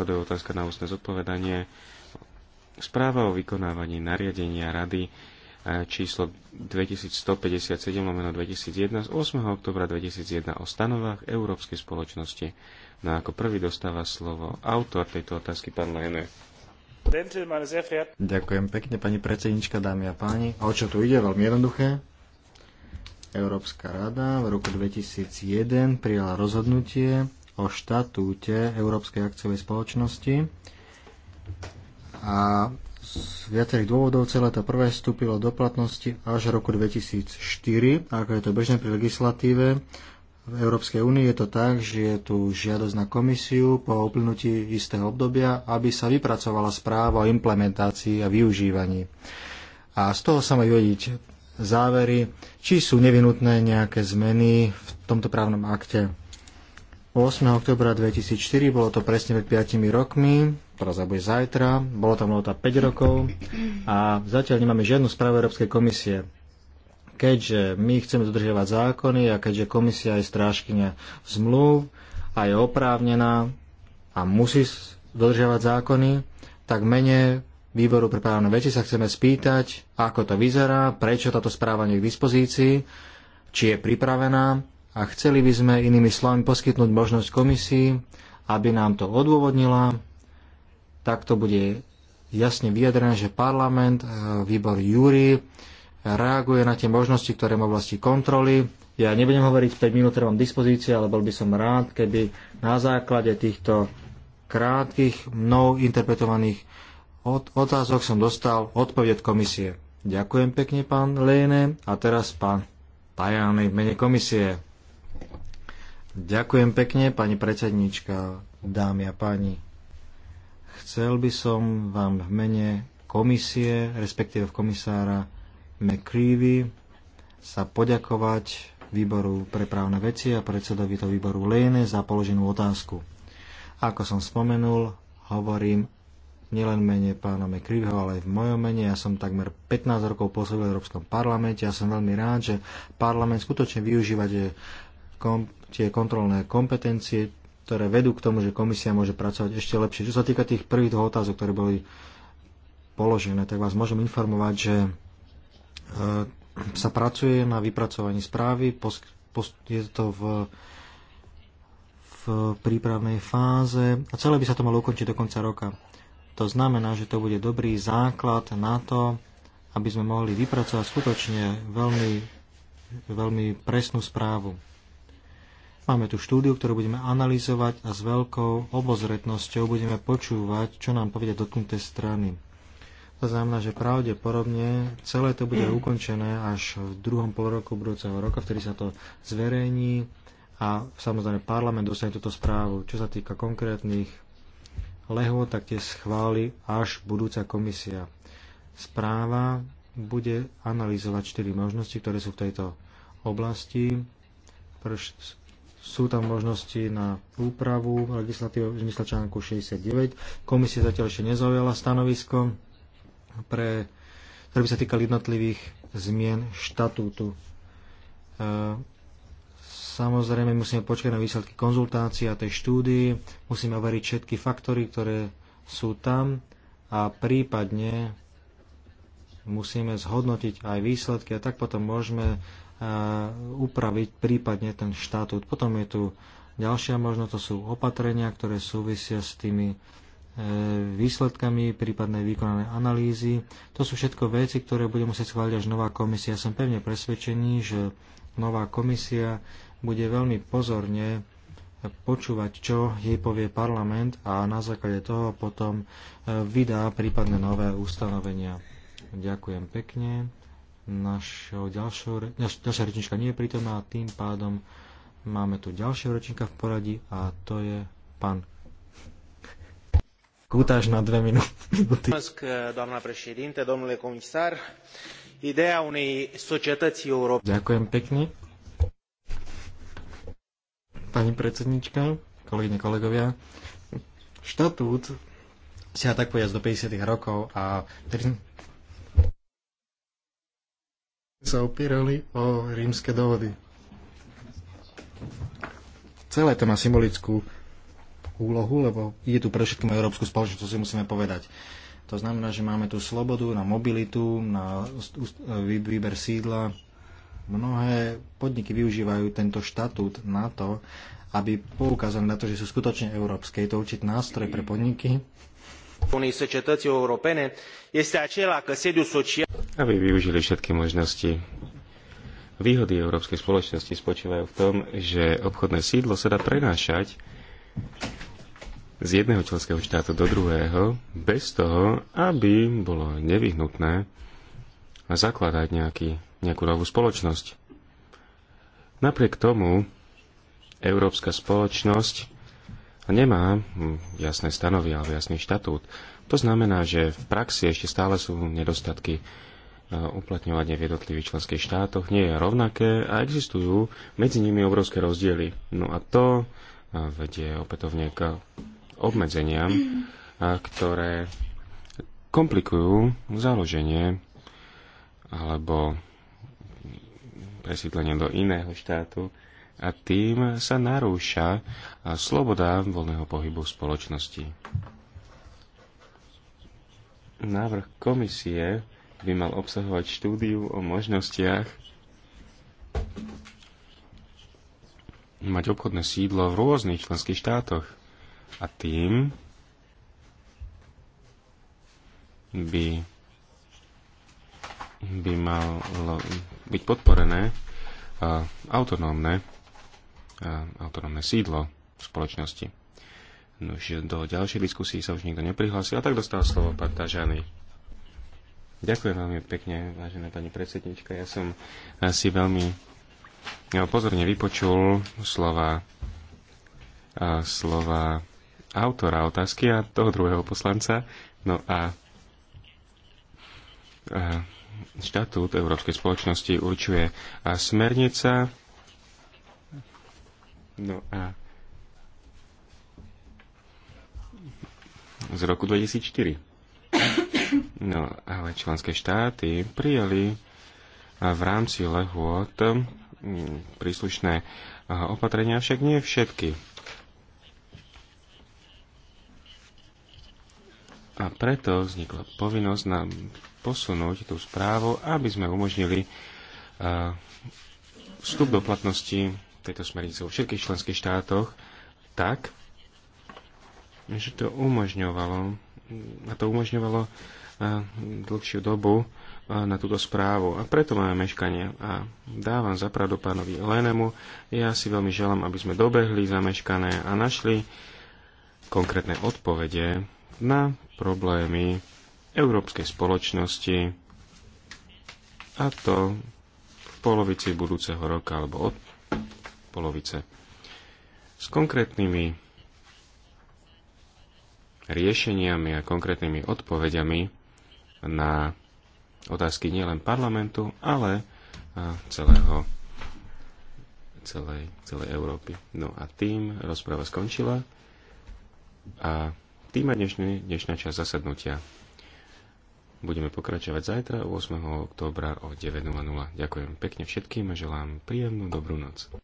To je otázka na ústne zodpovedanie. Správa o vykonávaní nariadenia Rady e, číslo 2157 lomeno 2001 z 8. oktobra 2001 o stanovách Európskej spoločnosti. No a ako prvý dostáva slovo autor tejto otázky, pán Lene. Ďakujem pekne, pani predsednička, dámy a páni. A o čo tu ide? Veľmi jednoduché. Európska rada v roku 2001 prijala rozhodnutie, o štatúte Európskej akciovej spoločnosti a z viacerých dôvodov celé to prvé vstúpilo do platnosti až roku 2004, ako je to bežné pri legislatíve. V Európskej únii je to tak, že je tu žiadosť na komisiu po uplynutí istého obdobia, aby sa vypracovala správa o implementácii a využívaní. A z toho sa majú vidieť závery, či sú nevinutné nejaké zmeny v tomto právnom akte. 8. oktobra 2004, bolo to presne pred 5 rokmi, teraz bude zajtra, bolo tam lota 5 rokov a zatiaľ nemáme žiadnu správu Európskej komisie. Keďže my chceme dodržiavať zákony a keďže komisia je strážkynia zmluv a je oprávnená a musí dodržiavať zákony, tak mene výboru pre právne veci sa chceme spýtať, ako to vyzerá, prečo táto správa nie je k dispozícii, či je pripravená a chceli by sme inými slovami poskytnúť možnosť komisii, aby nám to odôvodnila. Tak to bude jasne vyjadrené, že parlament, e, výbor júri reaguje na tie možnosti, ktoré má oblasti kontroly. Ja nebudem hovoriť 5 minút, ktoré mám dispozície, ale bol by som rád, keby na základe týchto krátkých, mnou interpretovaných otázok som dostal odpoveď komisie. Ďakujem pekne, pán Lejne. A teraz pán Tajany v mene komisie. Ďakujem pekne, pani predsednička, dámy a páni. Chcel by som vám v mene komisie, respektíve komisára McCreevy, sa poďakovať výboru pre právne veci a predsedovi to výboru Lene za položenú otázku. Ako som spomenul, hovorím nielen mene pána McCreevyho, ale aj v mojom mene. Ja som takmer 15 rokov pôsobil v Európskom parlamente. Ja som veľmi rád, že parlament skutočne využívate kom, tie kontrolné kompetencie, ktoré vedú k tomu, že komisia môže pracovať ešte lepšie. Čo sa týka tých prvých dvoch otázok, ktoré boli položené, tak vás môžem informovať, že e, sa pracuje na vypracovaní správy, je to v, v prípravnej fáze a celé by sa to malo ukončiť do konca roka. To znamená, že to bude dobrý základ na to, aby sme mohli vypracovať skutočne veľmi, veľmi presnú správu. Máme tu štúdiu, ktorú budeme analyzovať a s veľkou obozretnosťou budeme počúvať, čo nám povedia dotknuté strany. To znamená, že pravdepodobne celé to bude ukončené až v druhom polroku budúceho roka, vtedy sa to zverejní a samozrejme parlament dostane túto správu. Čo sa týka konkrétnych lehô, tak tie schváli až budúca komisia. Správa bude analyzovať 4 možnosti, ktoré sú v tejto oblasti sú tam možnosti na úpravu legislatívy v zmysle článku 69. Komisia zatiaľ ešte nezaujala stanovisko, pre, ktoré by sa týkali jednotlivých zmien štatútu. E, samozrejme musíme počkať na výsledky konzultácií a tej štúdii, musíme overiť všetky faktory, ktoré sú tam a prípadne musíme zhodnotiť aj výsledky a tak potom môžeme Eh, upraviť prípadne ten štatút. Potom je tu ďalšia možnosť, to sú opatrenia, ktoré súvisia s tými eh, výsledkami prípadnej výkonanej analýzy. To sú všetko veci, ktoré bude musieť schváliť až nová komisia. Som pevne presvedčený, že nová komisia bude veľmi pozorne počúvať, čo jej povie parlament a na základe toho potom eh, vydá prípadne nové ustanovenia. Ďakujem pekne. Našou ďalšou, naš, ďalšia rečnička nie je prítomná a tým pádom máme tu ďalšieho rečníka v poradí a to je pán Cutaș na dve minúty. doamna președinte, domnule comisar. Ideea unei societăți europene. Ďakujem pekne. Pani predsednička, kolegyne, kolegovia, štatút siaha tak povedať do 50. rokov a sa opírali o rímske dohody. Celé to má symbolickú úlohu, lebo ide tu pre všetkým európsku spoločnosť, to si musíme povedať. To znamená, že máme tu slobodu na mobilitu, na výber sídla. Mnohé podniky využívajú tento štatút na to, aby poukázali na to, že sú skutočne európske. Je to určitý nástroj pre podniky, Unii societății europene este acela că sediul social aby využili všetky možnosti. Výhody európskej spoločnosti spočívajú v tom, že obchodné sídlo sa dá prenášať z jedného členského štátu do druhého bez toho, aby bolo nevyhnutné zakladať nejaký, nejakú novú spoločnosť. Napriek tomu európska spoločnosť nemá jasné stanovy alebo jasný štatút. To znamená, že v praxi ešte stále sú nedostatky uplatňovanie v jednotlivých členských štátoch nie je rovnaké a existujú medzi nimi obrovské rozdiely. No a to vedie opätovne k obmedzeniam, ktoré komplikujú založenie alebo presídlenie do iného štátu a tým sa narúša sloboda voľného pohybu v spoločnosti. Návrh komisie by mal obsahovať štúdiu o možnostiach mať obchodné sídlo v rôznych členských štátoch. A tým by, by malo byť podporené autonómne, autonómne sídlo v spoločnosti. Nož do ďalšej diskusie sa už nikto neprihlásil, a tak dostal slovo pán Tažany. Ďakujem veľmi pekne, vážená pani predsednička. Ja som si veľmi no, pozorne vypočul slova, slova autora otázky a toho druhého poslanca. No a, štatút Európskej spoločnosti určuje smernica. No a z roku 2004. No, ale členské štáty prijali v rámci lehôd príslušné opatrenia, však nie všetky. A preto vznikla povinnosť nám posunúť tú správu, aby sme umožnili vstup do platnosti tejto smernice vo všetkých členských štátoch tak, že to umožňovalo a to umožňovalo dlhšiu dobu e, na túto správu a preto máme meškanie. A dávam zapravdu pánovi Lenemu. Ja si veľmi želám, aby sme dobehli zameškané a našli konkrétne odpovede na problémy európskej spoločnosti a to v polovici budúceho roka alebo od polovice s konkrétnymi riešeniami a konkrétnymi odpovediami na otázky nielen parlamentu, ale celého, celej, celej Európy. No a tým rozpráva skončila a tým je dnešný, dnešná časť zasadnutia. Budeme pokračovať zajtra 8. októbra o 9.00. Ďakujem pekne všetkým a želám príjemnú dobrú noc.